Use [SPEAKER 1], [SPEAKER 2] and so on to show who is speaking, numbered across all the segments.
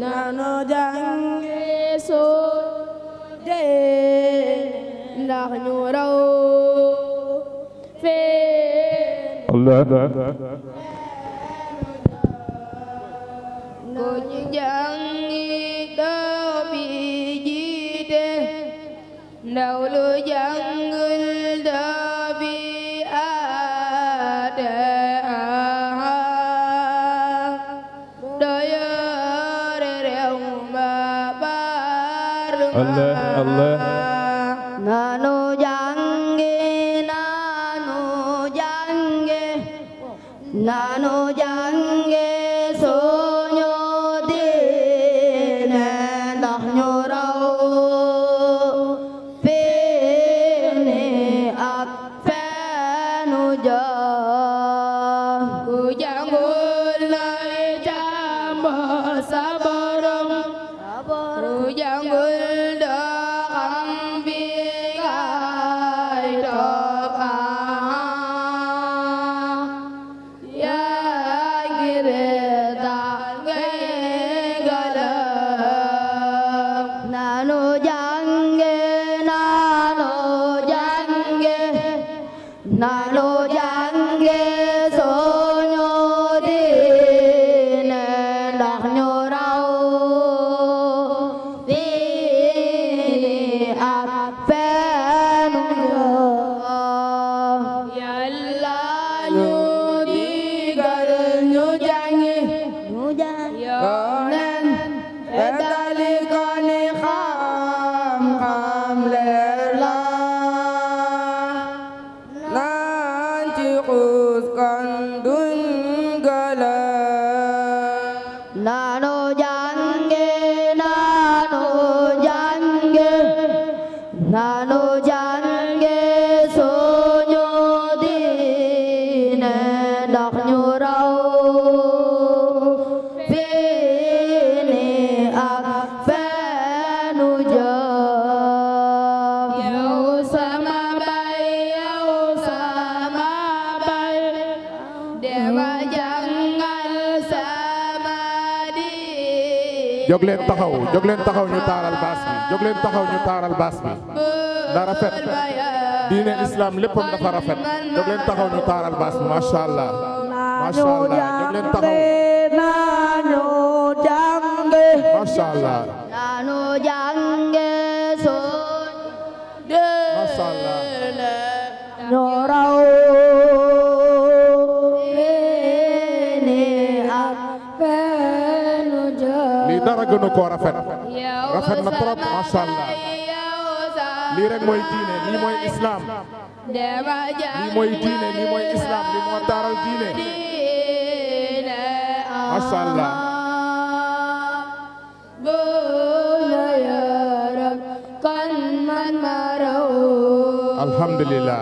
[SPEAKER 1] nanu jàngi soo dee ndax ñu raw fee
[SPEAKER 2] Allah ko
[SPEAKER 1] ñu jàngi doo bi jiite ndaw lu jàngul doo الله الله jóg leen
[SPEAKER 3] taxaw jóg leen taxaw ñu taaral baas bi jóg leen taxaw ñu taaral baas bi na rafet diine islam léppam dafa rafet jóg leen taxaw ñu taaral baas bi macha allah macha allah
[SPEAKER 1] jóg leen dara gënu koo rafet rafet na trop
[SPEAKER 3] macha allah lii rek mooy diine lii mooy islam
[SPEAKER 1] lii mooy diine lii mooy islam
[SPEAKER 3] lii moo taaral
[SPEAKER 1] diine macha allah.
[SPEAKER 3] alhamdulilah.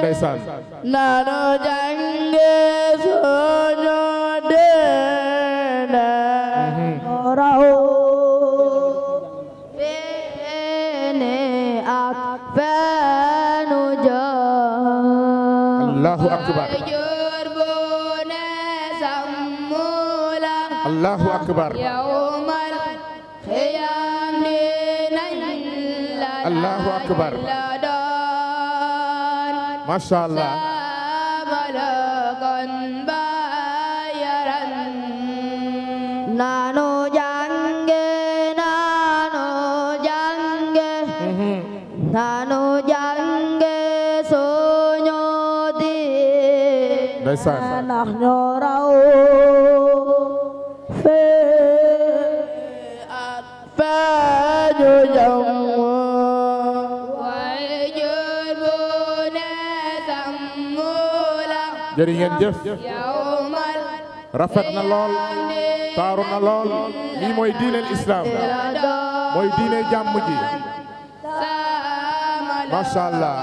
[SPEAKER 1] ndeysaan. akbar yawmal xiyaam dinañ la allahu akbar
[SPEAKER 3] masha allah
[SPEAKER 1] malakan bayaran nanu jange nanu jange mm-hmm. nanu jange soño di ndax ñoo
[SPEAKER 3] jëri ngeen jëf rafet na lool
[SPEAKER 1] taaru na lool lii mooy diineel islaam mooy diine jàmm ji macha allah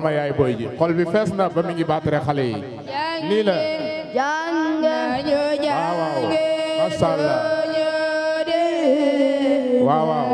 [SPEAKER 3] xoolal ma yaay booy ji xol bi fees na ba mi ngi baatare xale yi nii la
[SPEAKER 1] jàng ñu jàng waaw waaw masha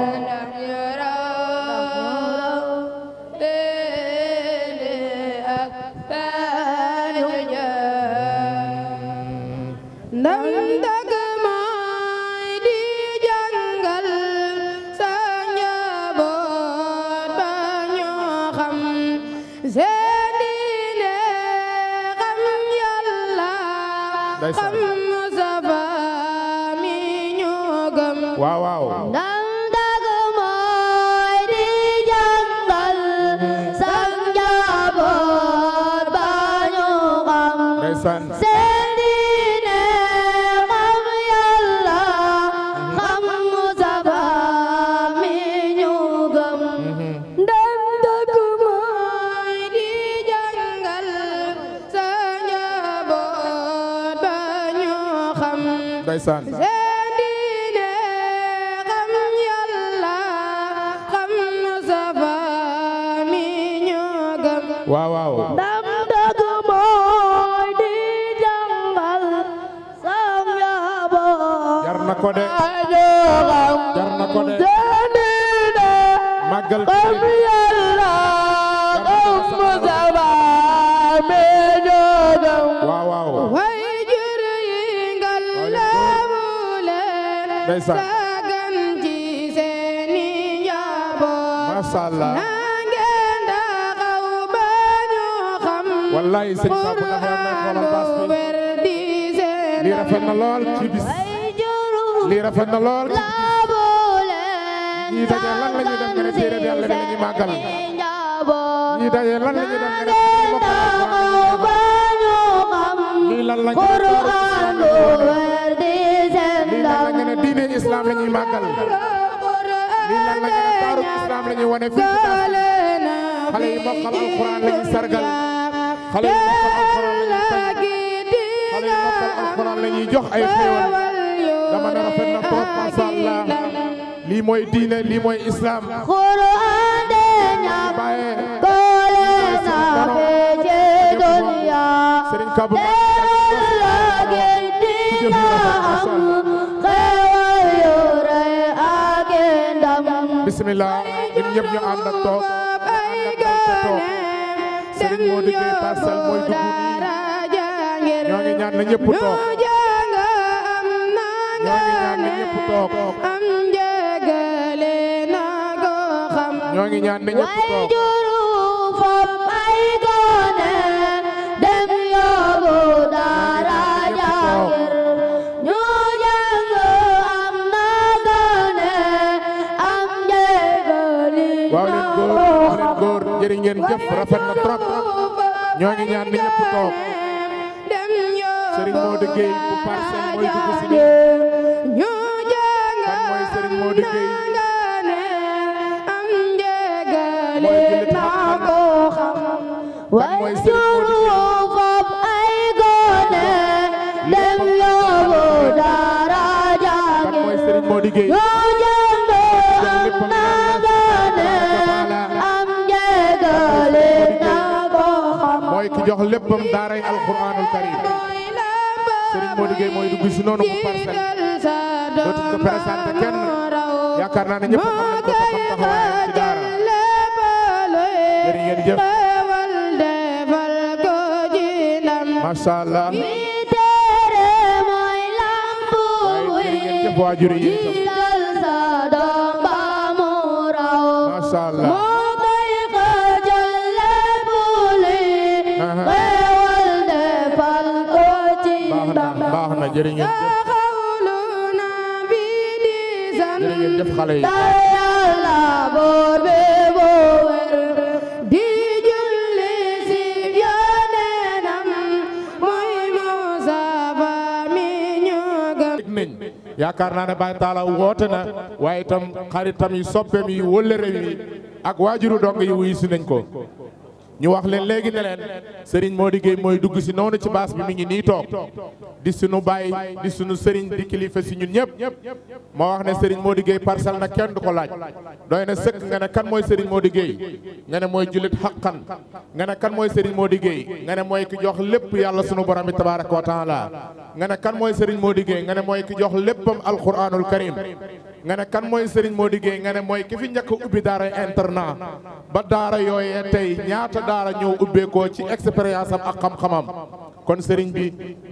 [SPEAKER 1] Assane wallaay sëñ Pape ndax yaa ngi xoolal baas bi lii
[SPEAKER 3] rafet na lool ci bis lii rafet na lool ñii daje lan la ñuy def nga ne téere bi yàlla bi la ñuy màggal ñii daje lan la ñuy def
[SPEAKER 1] nga ne lii lan la ñuy def lii lan la nga ne diine
[SPEAKER 3] islam la ñuy màggal
[SPEAKER 1] lii lan la nga ne taaru islam la ñuy wane fii xale yi mokkal alquran
[SPEAKER 3] la ñuy sargal xale yi mokkal alquran la ñuy jox ay xéewal
[SPEAKER 1] dama ne rafet na trop macha allah
[SPEAKER 3] lii mooy diine lii mooy islam.
[SPEAKER 1] xuraan de ñam doole na fekke dunya teewul la gën dina am xewal yu rëy ak
[SPEAKER 3] ndam. bismillah ñun ñëpp ñu ànd ak toog Serigne moo diggee parcelle mooy dugub ñoo ngi ñaan na ñëpp toog.
[SPEAKER 1] ñoo ngi ñaan na ñëpp toog
[SPEAKER 3] jërë ngeen jëf rafet na trop ñoo ngi ñaan na ñëpp toog Serigne Modou Gueye bu parcelle
[SPEAKER 1] mooy dugg si mu dikkee am njëgale naa ko
[SPEAKER 2] xam
[SPEAKER 1] way suru fab ay gone dem yóbbu dara jàngi yoo jàmbe
[SPEAKER 3] am naa gone am mooy ki jox léppam daaray alquranul karim Serigne Modou Gueye mooy dugg si noonu mu parcelle dootuñ ko présenté kenn yaakaar naa ne ñëpp xam nañ ko xam taxawaayam ci daara jërë ngeen jëf
[SPEAKER 1] macha allah waaye jërë ngeen jëf waajur yi macha allah
[SPEAKER 3] baax na jërë ngeen jëf jëf xale yi yaakaar naa ne Baye woote na waaye itam xaritam yi soppeem yi wëllëre yi ak waajuru dong yi wuyu si ko ñu wax leen léegi ne leen Serigne Mody Gueye mooy dugg si noonu ci baas bi mi ngi nii toog di sunu baay di sunu Serigne di kilifa si ñun ñëpp moo wax ne Serigne Mody Gueye parcelle na kenn du ko laaj doy na sëkk nga ne kan mooy Serigne Mody Gueye nga ne mooy jullit xaqan nga ne kan mooy Serigne Mody Gueye nga ne mooy ki jox lépp yàlla sunu borom bi tabaaraka wa taala nga ne kan mooy Serigne moo Gueye nga ne mooy ki jox léppam alquranul karim nga ne kan mooy Serigne moo Gueye nga ne mooy ki fi njëkk ubbi daara internat ba daara yooyee tey ñaata daara ñëw ubbeekoo ci expérience am ak xam-xamam kon Serigne bi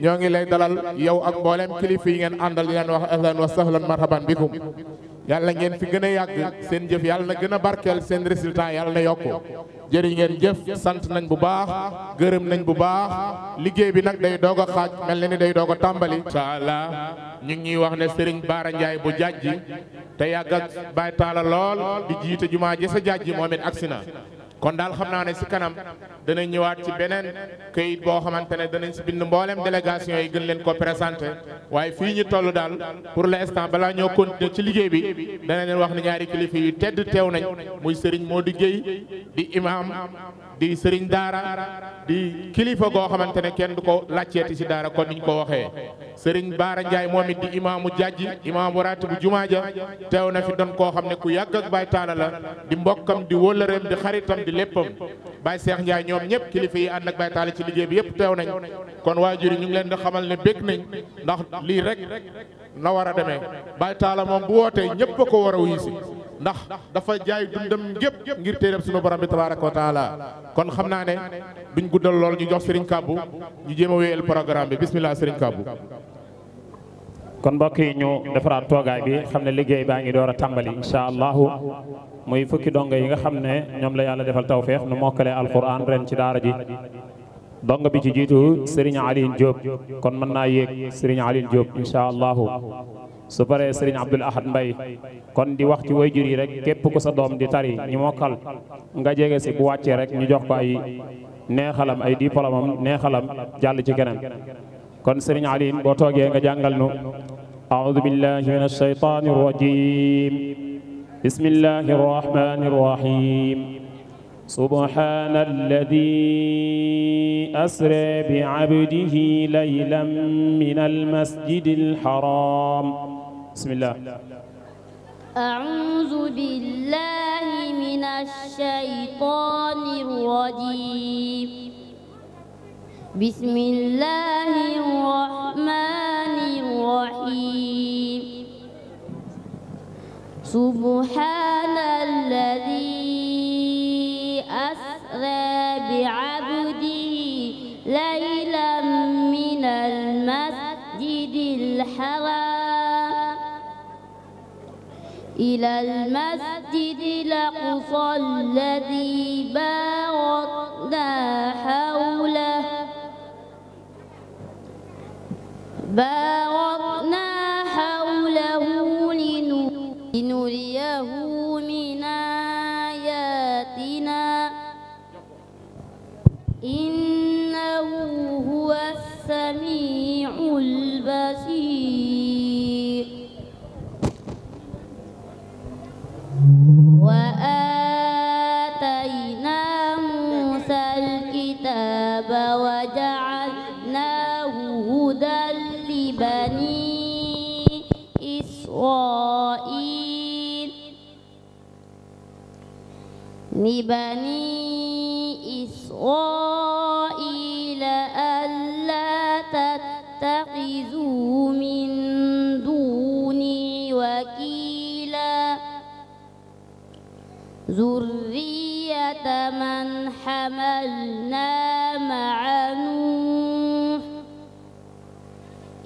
[SPEAKER 3] ñoo ngi lay dalal yow ak mboolem kilifa yi ngeen àndal di leen wax ahlan wa sahlan marhaban bikum yàlla ngeen fi gën a yàgg seen jëf yàlla na gën a barkeel seen résultat yàlla na yokku jëri ngeen jëf sant nañ bu baax gërëm nañ bu baax liggéey bi nag day doog a xaaj mel na ni day doog a tàmbali incha allah ñu ngi wax ne sëriñ Baara Ndiaye bu jajji te yàgg ak Taala lool di jiite jumaa ji sa jajji moom it agsi na kon daal xam naa ne si kanam dana ñëwaat ci beneen këyit boo xamante ne danañ si bind mbooleem délégation yi gën leen ko présenté waaye fii ñu toll daal pour l'instant balaa ñoo continuer ci liggéey bi dana leen wax ne ñaari kilifa yu tedd teew nañ muy moo Modou Guèye di imam di sëriñ daara di kilifa goo xamante ne kenn du ko làcceeti si daara kon niñ ko waxee sëriñ Baara Ndiaye moom it di imaamu jajji imaamu ratibu jumaa ja teew na fi doon koo xam ne ku yàgg ak Baye Talla la di mbokkam di wóllëreem di xaritam di léppam Baye Cheikh Ndiaye ñoom ñëpp kilifa yi ànd ak Baye ci liggéey bi yëpp teew nañ kon waajur yi ñu ngi leen di xamal ne bég nañ ndax lii rek na war a demee Baye Talla moom bu wootee ñëpp a ko war a wuyu si ndax dafa jaay dundam gépp ngir téeréb sunu borom bi tabaraka wa taala kon xam naa ne duñ guddal lool ñu jox Serigne Kabou ñu jéem a wéyal programme bi bismillah Serigne Kabou
[SPEAKER 4] kon mbokk yi ñu defaraat toogaay bi xam ne liggéey baa ngi door a tàmbali incha allahu muy fukki donga yi nga xam ne ñoom la yàlla defal tawféex nu mokkalee alquran ren ci daara ji dong bi ci jiitu Serigne Aline Diop kon mën naa yéeg Serigne Aline Diop incha allahu su paree sëriñ Abdul Ahad Mbay kon di wax ci wayjur yi rek képp ku sa doom di tari ñi mokkal nga jege si bu wàccee rek ñu jox ko ay neexalam ay diplôme am neexalam jàll ci keneen kon sëriñ Aliin boo toogee nga jàngal nu أعوذ بالله من الشيطان الرجيم بسم الله الرحمن الرحيم سبحان الذي أسرى بعبده ليلا من المسجد الحرام bismillah
[SPEAKER 1] أعوذ بالله من الشيطان الرجيم بسم الله الرحمن الرحيم سبحان الذي أسرى بعبده ليلا من المسجد الحرام إلى المسجد الأقصى الذي باركنا حوله باركنا ذرية من حملنا مع نوح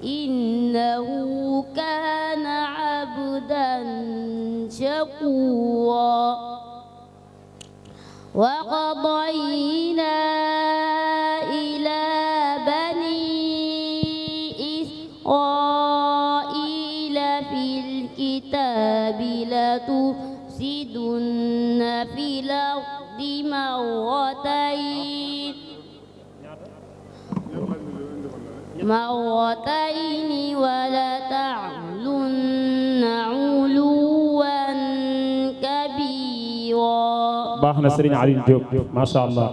[SPEAKER 1] إنه كان عبدا شكورا وقضينا مرتين مرتين ولا تعلن علوا كبيرا
[SPEAKER 4] baax na Serigne Aliou Diop ma sha Allah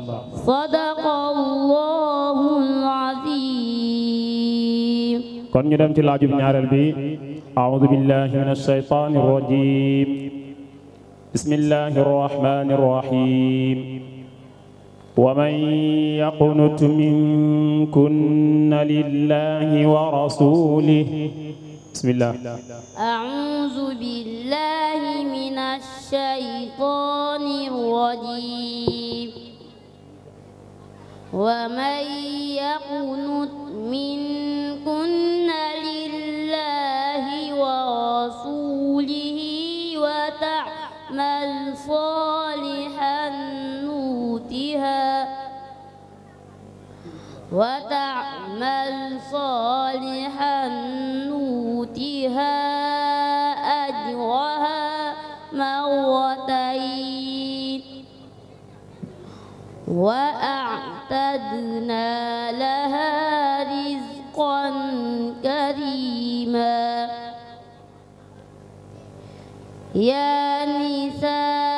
[SPEAKER 1] صدق الله العظيم
[SPEAKER 4] kon ñu dem ci laajub ñaareel bi أعوذ بالله من الشيطان الرجيم بسم الله الرحمن الرحيم ومن يقنت منكن لله ورسوله بسم الله
[SPEAKER 1] أعوذ بالله من الشيطان الرجيم ومن يقنت منكن صالحا نوتها وتعمل صالحا نوتها أجرها مرتين وأعتدنا لها رزقا كريما يا نساء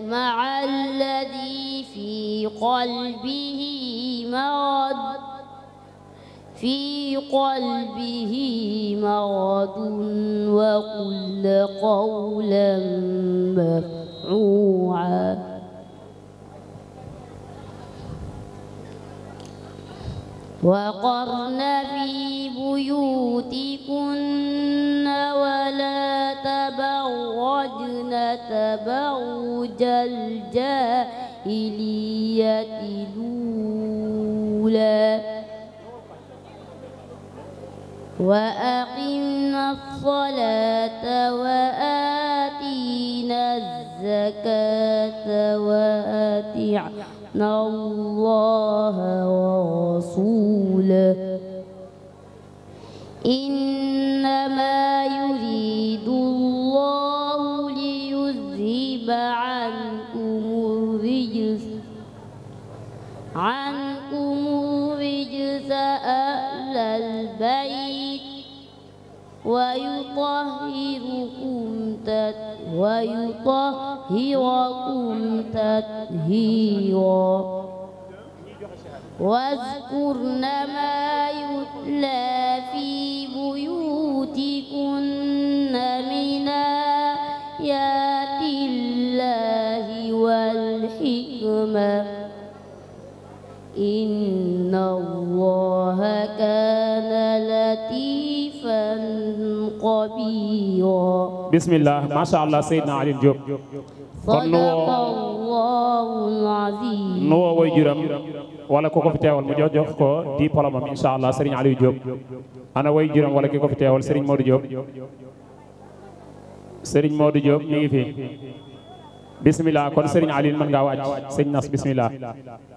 [SPEAKER 1] مع الذي في قلبه مرض في قلبه مرض وقل قولا مفعوعا وقرن في بيوتكن ولا تبرجن تبرج الجاهلية الأولى وأقمنا الصلاة وآتينا الزكاة وأطعنا الله ورسوله إنما يريد الله ليذهب عنكم الرجس عن ويطهركم تت ويطهركم تطهيرا واذكرن ما يتلى في بيوتكن من آيات الله والحكمة إن الله
[SPEAKER 4] bismillah macha allah Seydina Alioune Diop kon nu woo
[SPEAKER 1] nu woo woy juram
[SPEAKER 2] wala ku ko fi teewal mu jox jox ko diplôme am incha allah Serigne Aliou Diop ana woy juram wala ki ko fi teewal Serigne Modou Diop Serigne Modou Diop mi ngi fi
[SPEAKER 4] bismillah kon Serigne Aliou mën ngaa wàcc sëñ Nas bismillah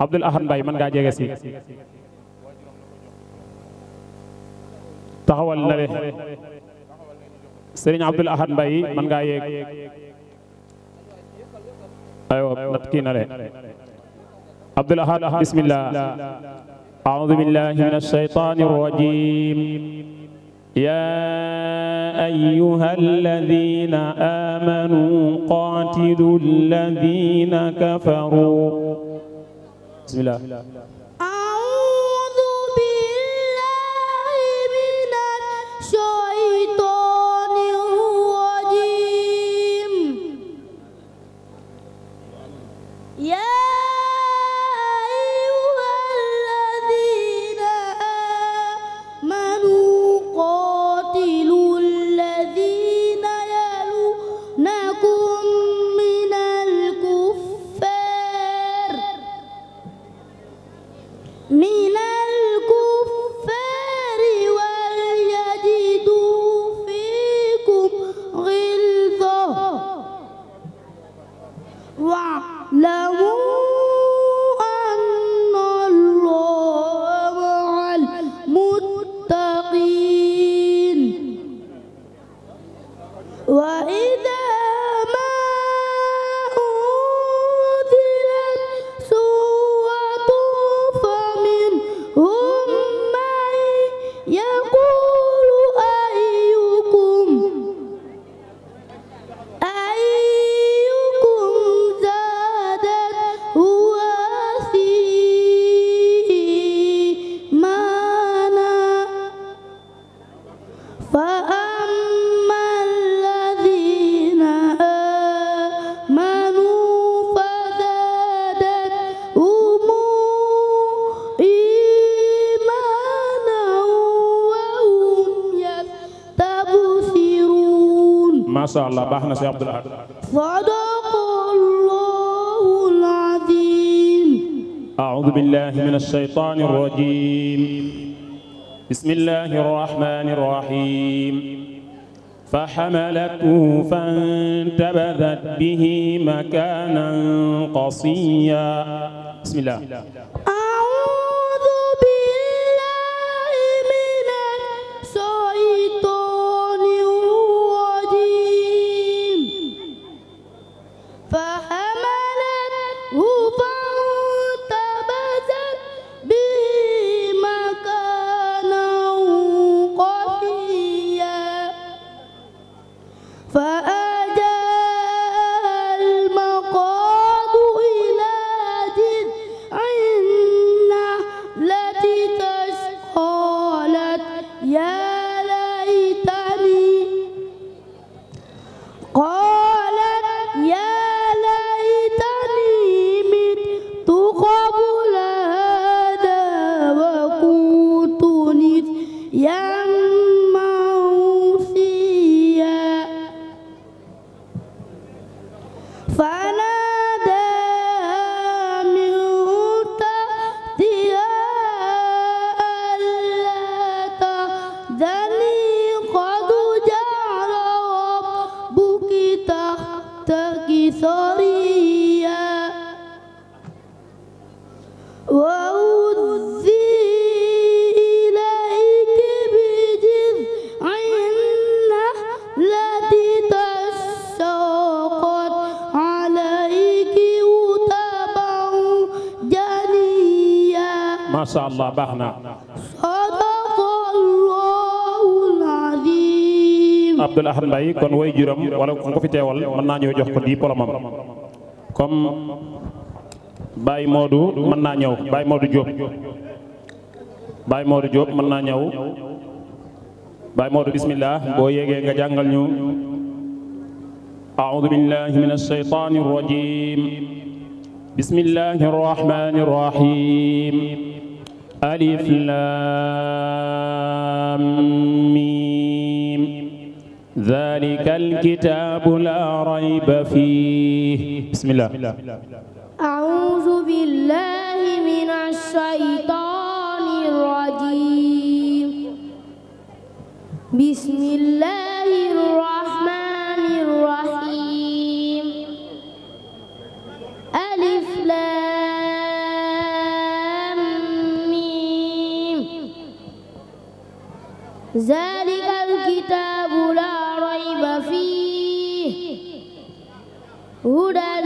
[SPEAKER 4] Abdoul Ahad Mbaye mën ngaa jege si taxawal na le
[SPEAKER 2] sëriñ Abdul Ahad Mbaye mën ngaa yéeg aywa nat kii na le
[SPEAKER 4] Abdul Ahad bismillah أعوذ بالله من الشيطان الرجيم يا أيها الذين آمنوا قاتلوا الذين كفروا بسم الله macha allah baax na si Abdul Ahad.
[SPEAKER 1] sadaqallahul aziim.
[SPEAKER 4] a'uudu billaahi mina shaytaani rajiim. bismillaahi rahmaani rahiim. فحملته فانتبذت به مكانا قصيا بسم الله allah baax na Abdoul Ahad Mbaye kon way juram wala ko fi teewal mën naa ñëw jox ko diplôme am comme Baye Modou mën naa ñëw Baye Modou Diop Baye Modou Diop mën naa ñëw Baye Modou bismillah boo yéegee nga jàngal ñu أعوذ بالله من الشيطان الرجيم بسم الله الرحمن alif laam miim zaalika alkitaabu laa rayba fiih bismillah
[SPEAKER 1] a'uuzu billaahi mina shaytaani rajiim bismillah ذلك الكتاب لا ريب فيه هدى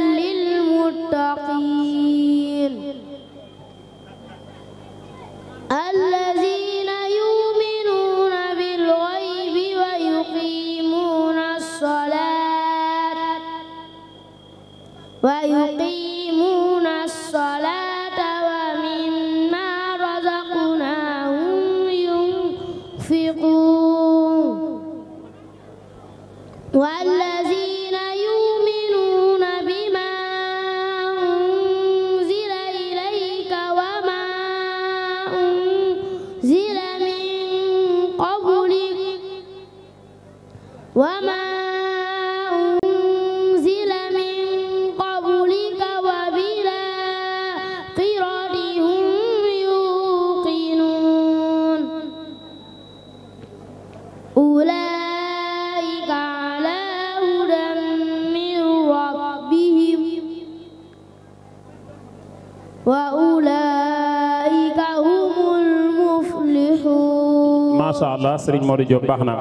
[SPEAKER 4] baax sëriñ Modou Diop baax na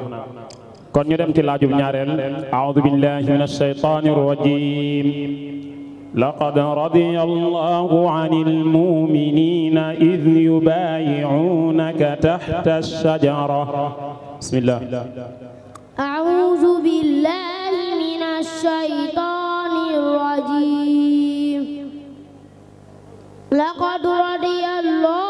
[SPEAKER 4] kon ñu dem ci laajub ñaareel aoudu billahi min alshaytani arrajim laqad radiya allahu ani almuminina id yubayi'unaka tahta alshajara bismillah
[SPEAKER 1] aoudu billahi min alshaytani arrajim laqad radiya allahu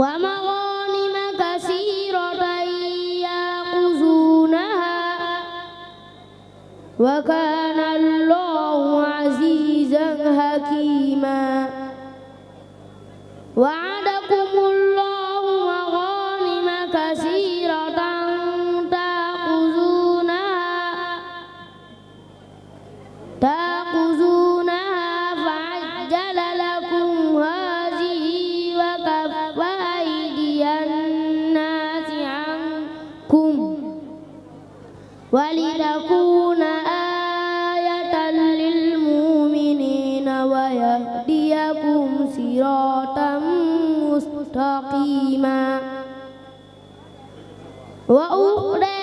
[SPEAKER 1] ومغانم كثيرة يأخذونها وكان الله عزيزا حكيما عظيما وأخرى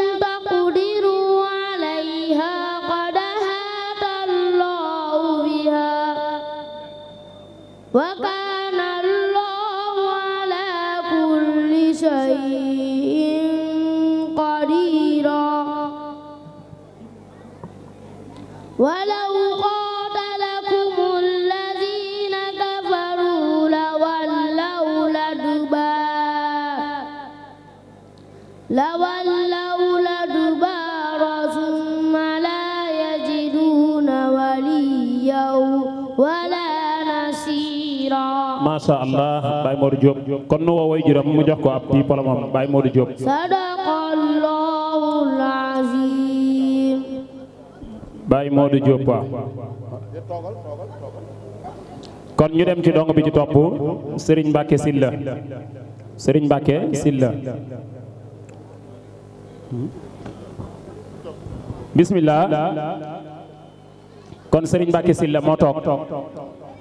[SPEAKER 1] لم تقدروا عليها قد أحاط الله بها وقد
[SPEAKER 4] masha allah Baye Modou Diop kon nu woowee juróom mu jox ko ab diplôme am Baye Modou Diop.
[SPEAKER 1] sadaqallahul azim.
[SPEAKER 4] Baye Modou Diop waaw. kon ñu dem ci dong bi ci topp Serigne Mbacke Sylla Serigne Mbacke Sylla. bismillah kon Serigne Mbacke Sylla moo toog.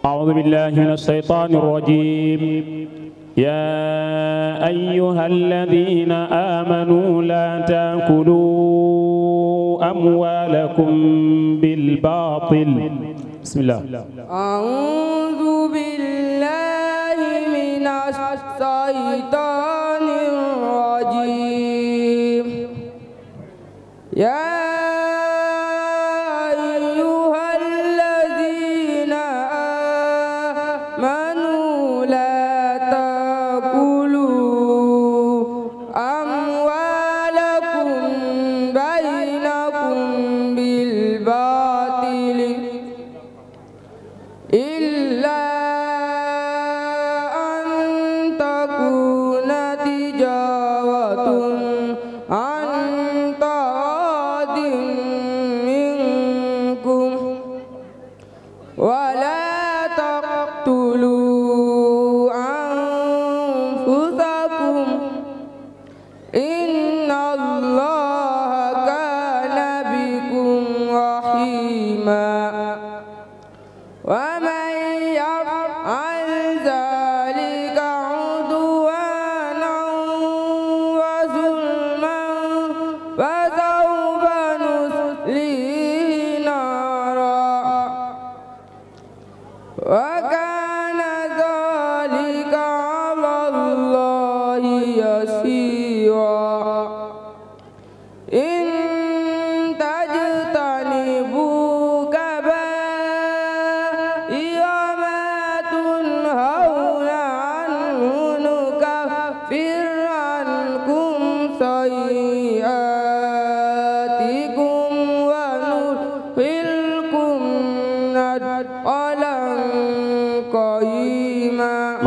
[SPEAKER 4] أعوذ بالله من الشيطان الرجيم يا أيها الذين آمنوا لا تأكلوا أموالكم بالباطل بسم الله
[SPEAKER 5] أعوذ بالله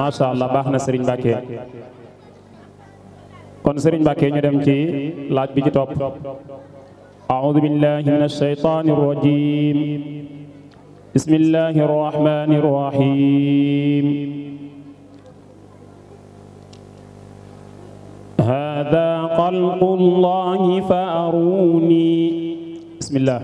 [SPEAKER 4] macha allah baax na Serigne Mbacke
[SPEAKER 3] kon Serigne Mbacke ñu dem ci laaj bi ci topp
[SPEAKER 4] أعوذ بالله من الشيطان الرجيم بسم الله الرحمن الرحيم هذا خلق الله فأروني بسم الله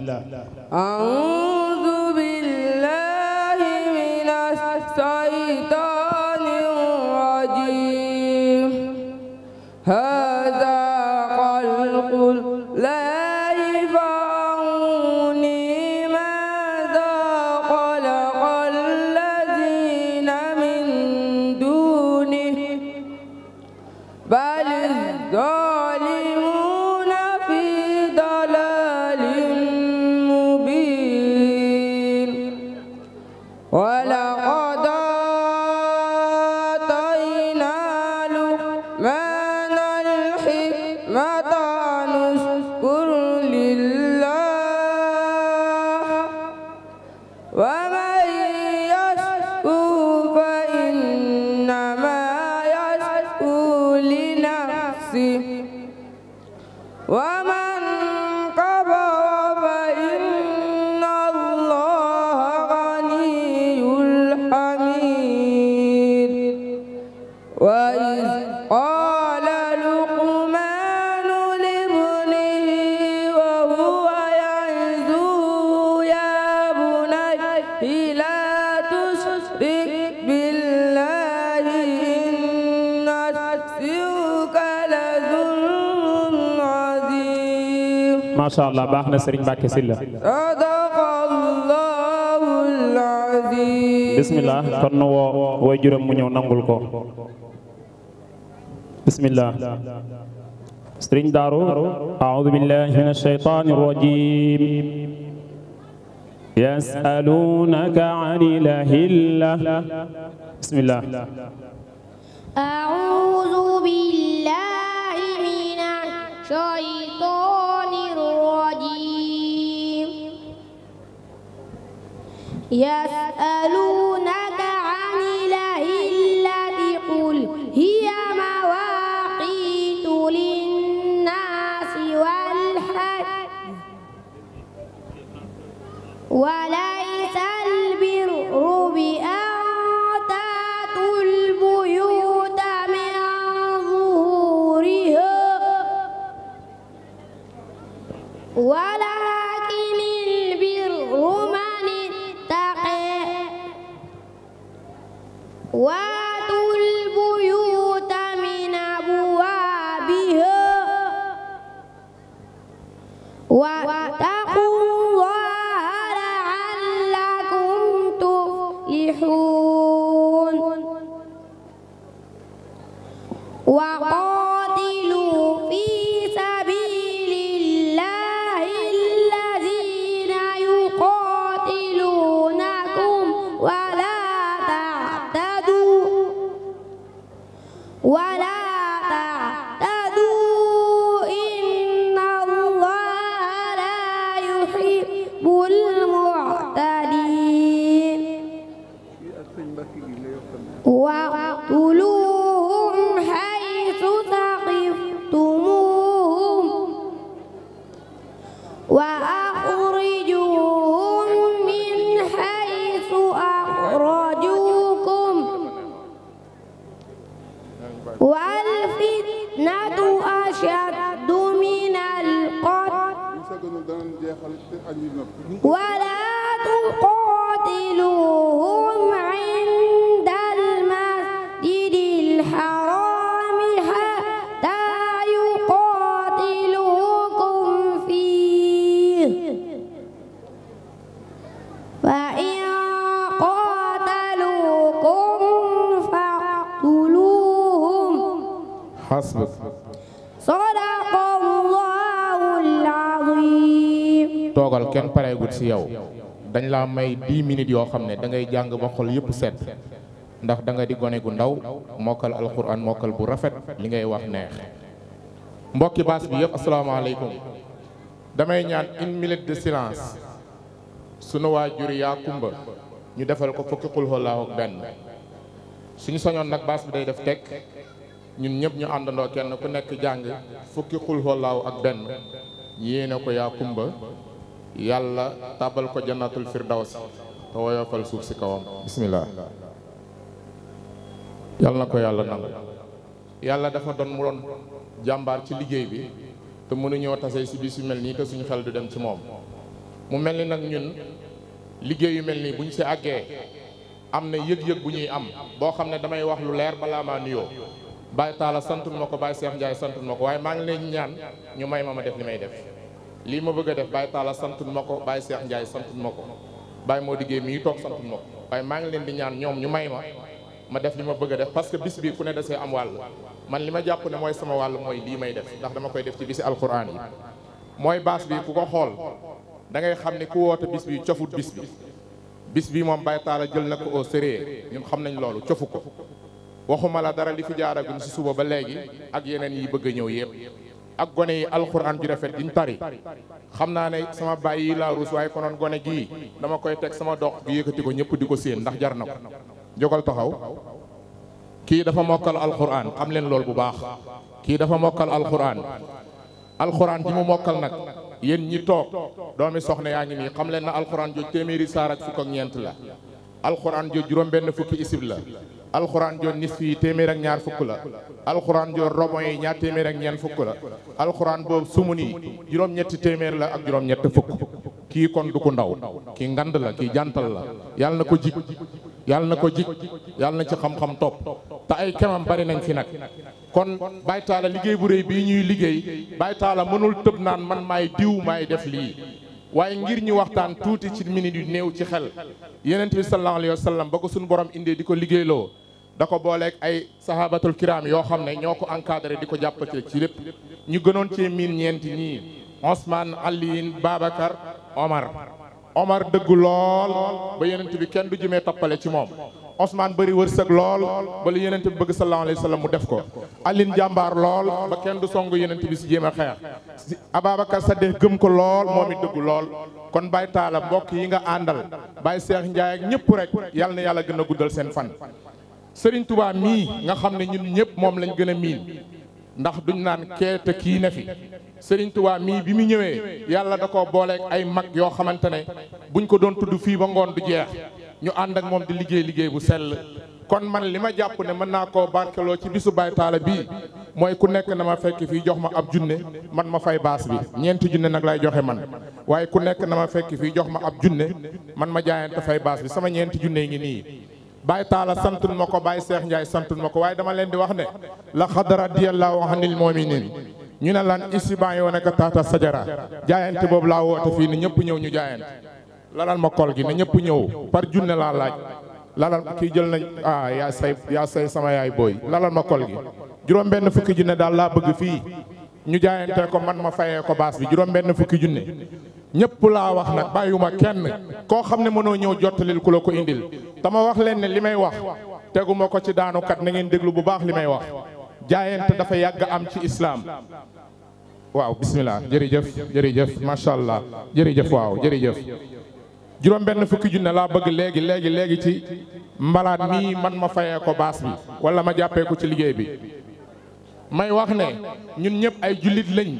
[SPEAKER 4] incha allah baax na sëriñ Mbacke Sylla.
[SPEAKER 5] bismillah kon
[SPEAKER 4] nu woo woy juróom mu ñëw nangul ko. bismillah. sëriñ Daaru aoudu billahi min ashaytani rajim. yasalunaka ani lahilla. bismillah.
[SPEAKER 1] aoudu billahi min ashaytani يسألونك عن الهلة قل هي مواقيت للناس والحج ولا تقاتلوهم عند المسجد الحرام حتى يقاتلوكم فيه فإن قاتلوكم فاقتلوهم
[SPEAKER 3] حسبك kenn pareegut si yow dañ laa may 10 minutes yoo xam ne da ngay jàng ba xol yëpp set ndax da nga di gone gu ndaw mokkal alquran mokkal bu rafet li ngay wax neex mbokki baas bi yëpp asalaamaaleykum damay ñaan une minute de silence sunu waajur yaa kumba ñu defal ko fukki xul xolaaw ak benn suñu soñoon nag baas bi day def teg ñun ñëpp ñu àndandoo kenn ku nekk jàng fukki xul xolaaw ak benn yéene ko yaa kumba yàlla tabal ko jannatul firdaws te woyofal suuf si kawam bismillah yàlla na ko yàlla nangu yàlla dafa doon mu doon jàmbaar ci liggéey bi te mënuñoo tase si bis yu mel nii te suñu xel du dem ci moom mu mel ni nag ñun liggéey yu mel nii buñ si àggee am na yëg-yëg bu ñuy am boo xam ne damay wax lu leer balaa maa nuyoo Baye Talla santul ma ko Baye Cheikh Ndiaye santul ma ko waaye maa ngi leen ñaan ñu may ma ma def li may def lii ma bëgg a def Baye Talla sant ma ko Baye Cheikh Ndiaye sant ma ko Baye moo Guèye mii ngi toog sant ma ko waaye maa ngi leen di ñaan ñoom ñu may ma ma def li ma bëgg def parce que bis bii ku ne desee am wàll man li ma jàpp ne mooy sama wàll mooy lii may def ndax dama koy def ci bisi alquran yi mooy baas bi ku ko xool da ngay xam ne ku woote bis bi cofut bis bi bis bi moom Baye Talla jël na ko au sérieux ñun xam nañ loolu cofu ko waxuma la dara li fi jaaraguñ si suba ba léegi ak yeneen yi bëgg a ñëw yëpp ak gone yi alxuraan ju rafet diñ tari xam naa ne sama bàyyi laa ruus waaye konoon gone gii dama koy teg sama dox bi yëkkati ko ñépp di ko séen ndax jar na ko jógal taxaw kii dafa mokkal alxuraan xam leen loolu bu baax kii dafa mokkal alxuraan alxuraan ji mu mokkal nag yéen ñi toog doomi soxna yaa ngi nii xam leen na alxuraan jooju téeméeri saar ñeent la alxuraan jooju juróom benn fukki isib la alxuraan joon nisf yi téeméer ñaar fukk la alxuraan joon robon yi ñaar téeméer ñeen fukk la alxuraan boobu sumun yi juróom-ñetti téeméer la ak juróom-ñetti fukk kii kon du ko ndaw kii ngand la kii jantal la yàlla na ko jig yàlla na ko jig yàlla na ci xam-xam topp te ay kemam bari nañ fi nag kon Baye Talla liggéey bu réy bii ñuy liggéey Baye Talla mënul tëb naan man maay diw maay def lii waaye ngir ñu waxtaan tuuti ci minute yu néew ci xel yenent bi sallallahu alayhi wa sallam ba ko suñu borom indee di ko liggéeyloo da ko booleeg ay sahabatul kiram yoo xam ne ñoo ko encadré di ko jàppatee ci lépp ñu gënoon cee miin ñeenti ñii Ousmane Aliyin Babacar Omar Omar dëggu lool ba yenent bi kenn du jëmee tappale ci moom Ousmane bëri wërsëg lool ba lu yenent bi bëgg sallallahu alayhi mu def ko Aline jàmbaar lool ba kenn du song yenent bi si jéem a xeex Ababacar Sadikh gëm ko lool moom it dëggu lool kon Baye taala mbokk yi nga àndal Baye Cheikh Ndiaye ak ñëpp rek yal na yàlla gën a guddal seen fan Serigne Touba mii nga xam ne ñun ñëpp moom lañ gën a miin ndax duñ naan kee te kii ne fi Serigne Touba mii bi mu ñëwee yàlla da koo booleeg ay mag yoo xamante ne buñ ko doon tudd fii ba ngoon du jeex ñu ànd ak moom di liggéey liggéey bu sell kon man li ma jàpp ne mën naa koo barkeloo ci bisu Baye Talla bii mooy ku nekk na ma fekk fii jox ma ab junne man ma fay baas bi ñeenti junne nag lay joxe man waaye ku nekk na ma fekk fii jox ma ab junne man ma jaayante fay baas bi sama ñeenti junne ngi nii Baye taala santul ma ko Baye Cheikh Ndiaye santul ma ko waaye dama leen di wax ne la xad radiyallahu anil mu'minin ñu ne lan isibaan yoo nekk taata sajara jaayante boobu laa woote fii ni ñëpp ñëw ñu jaayante lalal ma kol gi ne ñëpp ñëw par junne laa laaj lalal kii jël nañ ah yaa say yaa say sama yaay booy lalal ma kol gi juróom benn fukki junne daal laa bëgg fii ñu jaayante ko man ma fayee ko baas bi juróom benn fukki junne ñëpp laa wax na nag bàyyiwuma kenn koo xam ne mënoo ñëw jottalil ku la ko indil dama wax leen ne li may wax teguma ko ci daanukat na ngeen déglu bu baax li may wax jaayante dafa yàgg am ci islaam waaw bismillah jërëjëf jërëjëf macha allah jërëjëf waaw jërëjëf juróom benn fukki junne laa bëgg léegi léegi léegi ci mbalaat mii man ma fayee ko baas bi wala ma jàppee ko ci liggéey bi may wax ne ñun ñëpp ay jullit lañ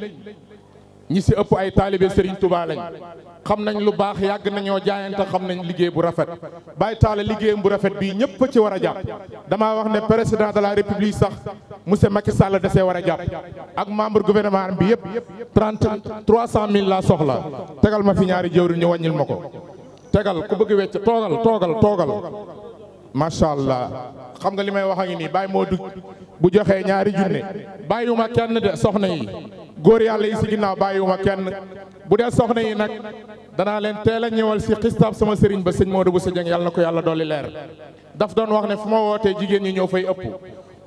[SPEAKER 3] ñi si ëpp ay taalibe Serigne Touba lañ xam nañ lu baax yàgg nañoo jaayante xam nañ liggéey bu rafet bàyyi taala liggéeyam bu rafet bii ñëpp ci war a jàpp damaa wax ne président de la république sax monsieur Macky Sall desee war a jàpp ak membre gouvernement bi yëpp trente trois cent mille laa soxla tegal ma fi ñaari jëwri ñu wàññil ma ko tegal ku bëgg wecc toogal toogal toogal macha allah xam nga li may wax a ngi nii bàyyi moo dugg bu joxee ñaari junne bàyyiwuma kenn de soxna yi góor yàlla yi si ginnaaw bàyyiwuma kenn bu dee soxna yi nag danaa leen teel a ñëwal si xistaab sama sëriñ ba sëñ Modou bu sa jëng yàlla ko yàlla dolli leer daf doon wax ne fu ma wootee jigéen ñi ñëw fay ëpp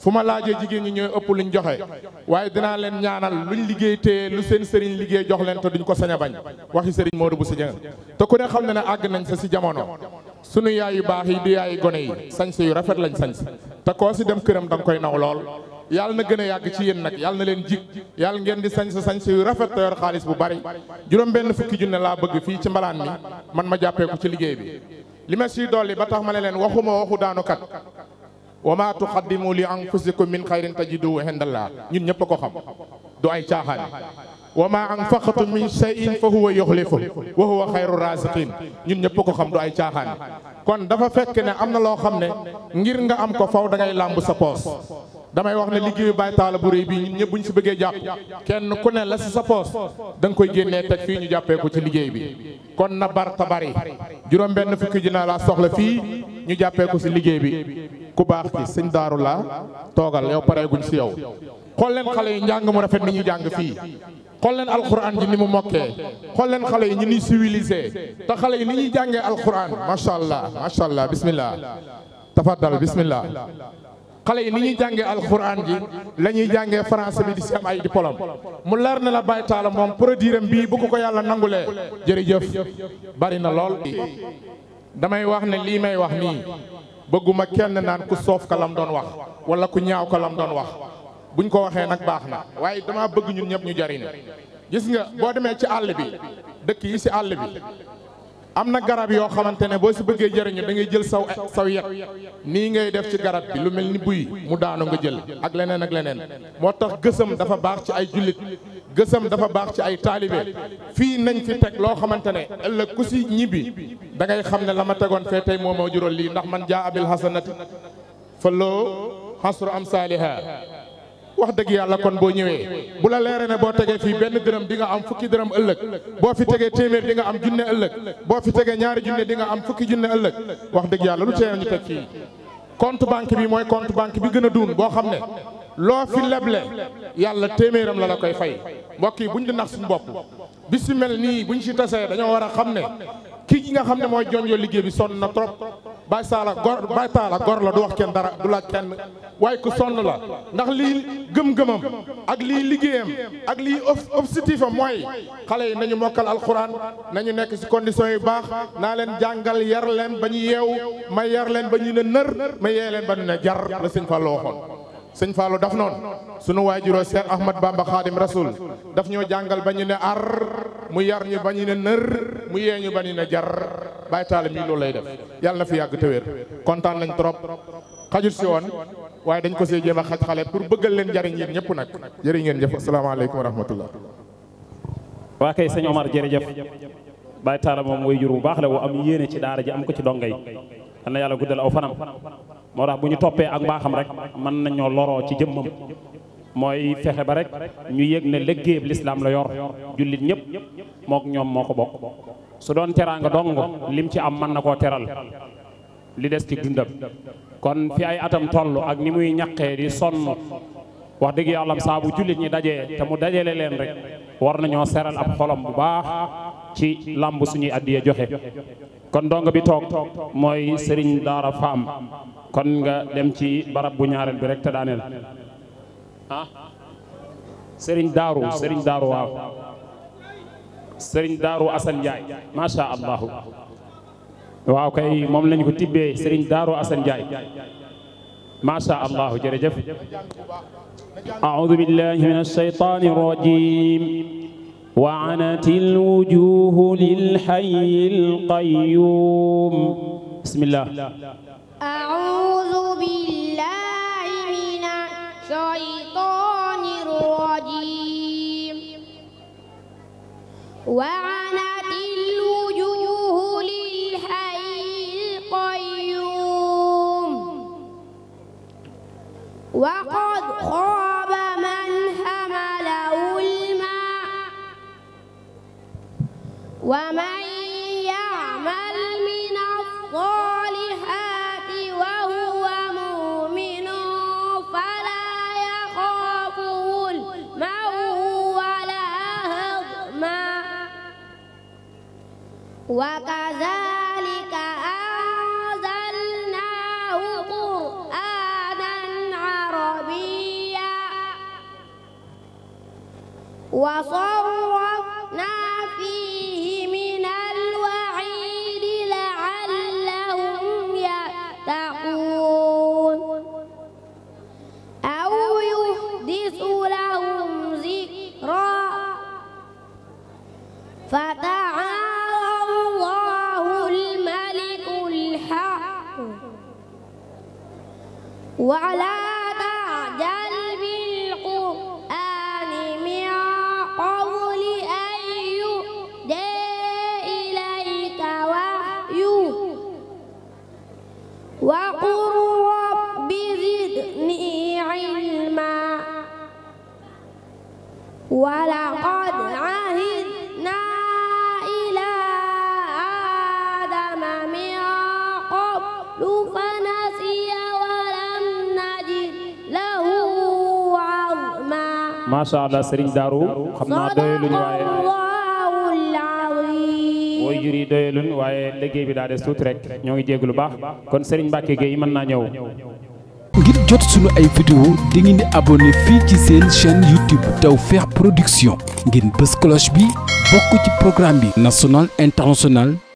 [SPEAKER 3] fu ma laajee jigéen ñi ñooy ëpp luñ joxe waaye dinaa leen ñaanal luñ liggéey te lu seen sëriñ liggéey jox leen te duñ ko sañ a bañ waxi sëriñ Modou bu si te ku ne xam ne ne àgg nañ sa si jamono sunu yaay yu baax yi di yaayu gone yi sañse yu rafet lañ sa te koo si dem këram da koy naw lool yàlla na gën a yàgg ci yéen nag yàlla na leen jig yàlla ngeen di sañ sañse sañse yu rafet te yor xaalis bu bari juróom benn fukki junne laa bëgg fii ci mbalaan mi man ma jàppee ko ci liggéey bi li ma siy dolli ba tax ma ne leen waxuma waxu daanukat wa maa tuqaddimu li anfusikum min xayrin tajiduhu indallah ñun ñëpp a ko xam du ay caaxaan wa maa anfaqtum min shay'in fa huwa yuxlifu wa huwa xayru raziqin ñun ñëpp a ko xam du ay caaxaan kon dafa fekk ne am na loo xam ne ngir nga am ko faw da ngay làmb sa poos damay wax ne liggéeyu Baay Taala bu réy bi ñun ñëpp bu ñu si bëggee jàpp kenn ku ne la si sa poos
[SPEAKER 2] da nga koy génnee teg fii ñu jàppee ko ci liggéey bi
[SPEAKER 3] kon na bar ta bari juróom benn fukki junni laa soxla fii ñu jàppee ko si bi ku baax ci sëñ daaru laa toogal yow pareeguñ si yow xool leen xale yi njàng mu rafet ni ñu jàng fii xool leen alxuraan ji ni mu mokkee xool leen xale yi ñu ni civilisé te xale yi ni ñuy jàngee alxuraan macha allah macha allah bismillah xale yi ni ñuy jàngee alxuraan ji la ñuy jàngee français bi di si am ay diplôme mu leer na la Baye Talla moom produiram bii bu ko ko yàlla nangulee jërëjëf bari na lool. damay wax ne lii may wax nii. bëgguma kenn naan ku soof kalam doon wax wala ku ñaaw kalam doon wax buñ ko waxee nag baax na waaye damaa bëgg ñun ñëpp ñu jariñu gis nga boo demee ci àll bi dëkk yi ci àll bi am na garab yoo xamante ne boo si bëggee jariñu da ngay jël saw saw yet nii ngay def ci garab bi lu mel ni buy mu daanu nga jël ak leneen ak leneen moo tax gësëm dafa baax ci ay jullit gësam dafa baax ci ay taalibe fii nañ fi teg loo xamante ne ëllëg ku si ñibbi da ngay xam ne la ma tegoon fee tey moo moo lii ndax man jaa abil hasanati fa loo xasru am saaliha wax dëgg yàlla kon boo ñëwee bu la leeree ne boo tegee fii benn dërëm di nga am fukki dërëm ëllëg boo fi tegee téeméer di nga am junne ëllëg boo fi tegee ñaari junne di nga am fukki junne ëllëg wax dëgg yàlla lu tee ñu teg fii compte banque bi mooy compte banque bi gën a duun boo xam ne
[SPEAKER 2] loo fi leble yàlla téeméeram la koy fay
[SPEAKER 3] mbokk yi buñ di nax suñu bopp bis si mel nii buñ si tasee dañoo war a xam ne kii gi nga xam ne mooy jonjoo liggéey bi sonn na trop Baye Saala gor Baye Taala gor la du wax kenn dara du laaj kenn waaye ku sonn la ndax lii gëm-gëmam ak lii liggéeyam ak lii objectif am mooy xale yi nañu mokkal alxuraan nañu nekk ci condition yi baax naa leen jàngal yar leen ba ñu yeewu ma yar leen ba ñu ne nër ma yee leen ba ñu ne jar la sëñ Fallou waxoon sëñ Fallou daf noonu sunu waajuroo Cheikh Ahmad Bamba Khadim Rasoul daf ñoo jàngal bañ ñu ne ar mu yar ñu ba ñu ne nër mu yee ñu ba ñu ne jar bàyyi taale mii loolu lay def yàlla na fi yàgg te wér kontaan nañ trop xajut si woon waaye dañ ko see jéem a xaj xale pour bëggal leen jariñ yéen ñëpp nag jërë ngeen jëf asalaamaaleykum wa rahmatullah waa kay sëñ Omar jërëjëf bàyyi taale moom way jur bu baax la woo am yéene ci
[SPEAKER 4] daara ji am ko ci donga yi na moo tax bu ñu toppee ak mbaaxam rek mën nañoo loroo ci jëmmam mooy fexe ba rek ñu yëg ne liggéeyub lislaam la yor jullit ñëpp mook ñoom moo ko bokk su doon teraanga dong lim ci am mën na koo teral li des ci dundam kon fi ay atam toll ak ni muy ñaqee di sonn wax dëgg yàlla saabu bu jullit ñi daje te mu dajale leen rek war nañoo seral ab xolam bu baax ci làmb suñuy addiya joxe kon ndongo bi toog mooy sëriñ daara faam kon nga dem ci barab bu ñaareel bi rek te daaneel ah sëriñ daaru sëriñ daaru waaw sëriñ daaru asan njaay macha allahu waaw kay moom lañ ko tibbee sëriñ daaru asan njaay macha allahu jërëjëf aoudu billahi min alshaytani rajim وعنت الوجوه للحي القيوم بسم الله
[SPEAKER 1] أعوذ بالله من الشيطان الرجيم وعنت الوجوه للحي القيوم وقد خاب ومن يعمل من الصالحات وهو مؤمن فلا يخاف ظلما ولا هضما وكذلك أنزلناه قرآنا عربيا وصار
[SPEAKER 4] macha allah Serigne Darou xam naa
[SPEAKER 1] waaye woy
[SPEAKER 4] bi daa des tuuti rek ñoo ngi jégg baax kon Serigne Mbacke Gueye mën naa ñëw.
[SPEAKER 3] ngir jot suñu ay vidéo di ngeen di abonné fii ci seen chaîne YouTube Tawfekh Production ngeen bës cloche bi bokk ci programme bi national international.